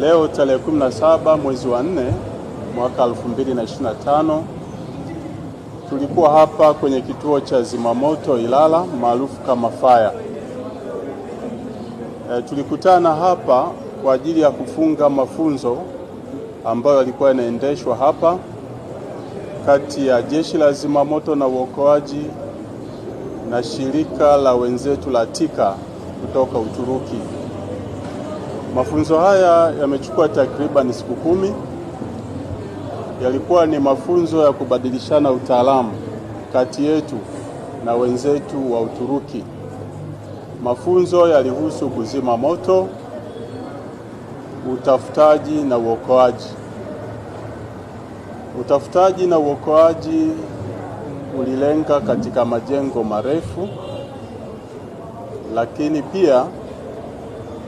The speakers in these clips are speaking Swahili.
Leo tarehe 17 mwezi wa 4 mwaka 2025 tulikuwa hapa kwenye kituo cha zimamoto Ilala maarufu kama faya. E, tulikutana hapa kwa ajili ya kufunga mafunzo ambayo yalikuwa yanaendeshwa hapa kati ya Jeshi la Zimamoto na Uokoaji na shirika la wenzetu la TIKA kutoka Uturuki. Mafunzo haya yamechukua takriban siku kumi. Yalikuwa ni mafunzo ya kubadilishana utaalamu kati yetu na wenzetu wa Uturuki. Mafunzo yalihusu kuzima moto, utafutaji na uokoaji. Utafutaji na uokoaji ulilenga katika majengo marefu, lakini pia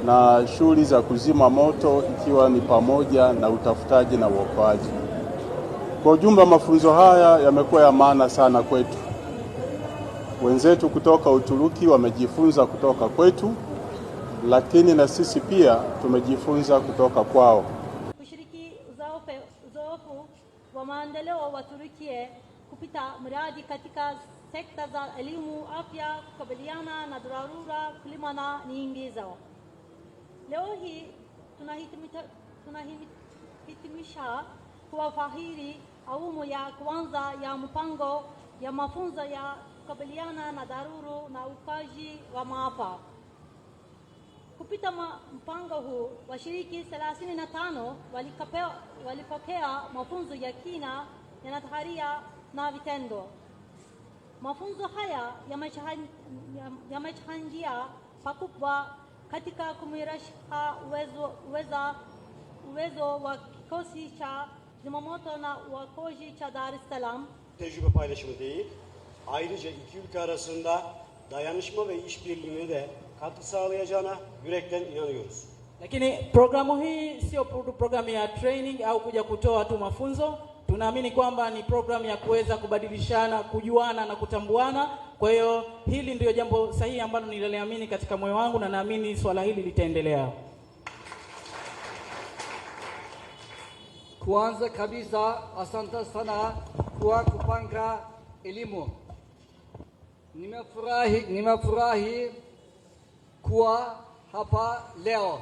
na shughuli za kuzima moto ikiwa ni pamoja na utafutaji na uokoaji. Kwa ujumla, mafunzo haya yamekuwa ya maana sana kwetu. Wenzetu kutoka Uturuki wamejifunza kutoka kwetu, lakini na sisi pia tumejifunza kutoka kwao. Kushiriki uzoefu wa maendeleo wa Uturuki kupita mradi katika sekta za elimu, afya, kukabiliana na dharura, kilimo na nyinginezo. Leo hii tunahitimisha kuwafahiri fahari awamu ya kwanza ya mpango ya mafunzo ya kukabiliana na daruru na ukaji wa maafa. kupita mpango huu, washiriki 35 walipokea mafunzo ya kina ya nadharia na vitendo. Mafunzo haya yamechangia pakubwa katika kumirisha uwezo, uweza, uwezo wa kikosi cha zimamoto na uokozi cha Dar es Salaam. Tecrübe paylaşımı değil, ayrıca iki ülke arasında dayanışma ve işbirliğine de katkı sağlayacağına yürekten inanıyoruz. Lakini programu hii sio programu ya training au kuja kutoa tu mafunzo. Tunaamini kwamba ni programu ya kuweza kubadilishana, kujuana na kutambuana kwa hiyo hili ndio jambo sahihi ambalo nililiamini katika moyo wangu na naamini swala hili litaendelea. Kwanza kabisa asante sana kwa kupanga elimu. Nimefurahi, nimefurahi kuwa hapa leo.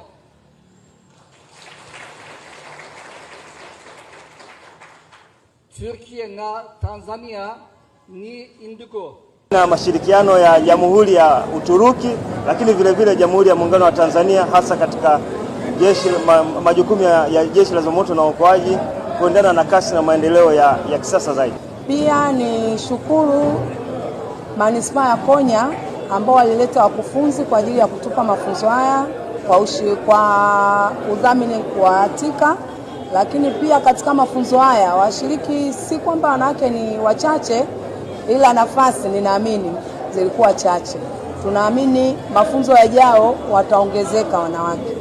Türkiye na Tanzania ni ndugu na mashirikiano ya Jamhuri ya Uturuki, lakini vilevile Jamhuri ya Muungano wa Tanzania, hasa katika jeshi, ma, majukumu ya, ya jeshi la zimamoto na uokoaji kuendana na kasi na maendeleo ya, ya kisasa zaidi. Pia ni shukuru manispaa ya Konya ambao walileta wakufunzi kwa ajili ya kutupa mafunzo haya kwa, ushi, kwa udhamini wa TIKA. Lakini pia katika mafunzo haya washiriki si kwamba wanawake ni wachache ila nafasi ninaamini zilikuwa chache. Tunaamini mafunzo yajao wataongezeka wanawake.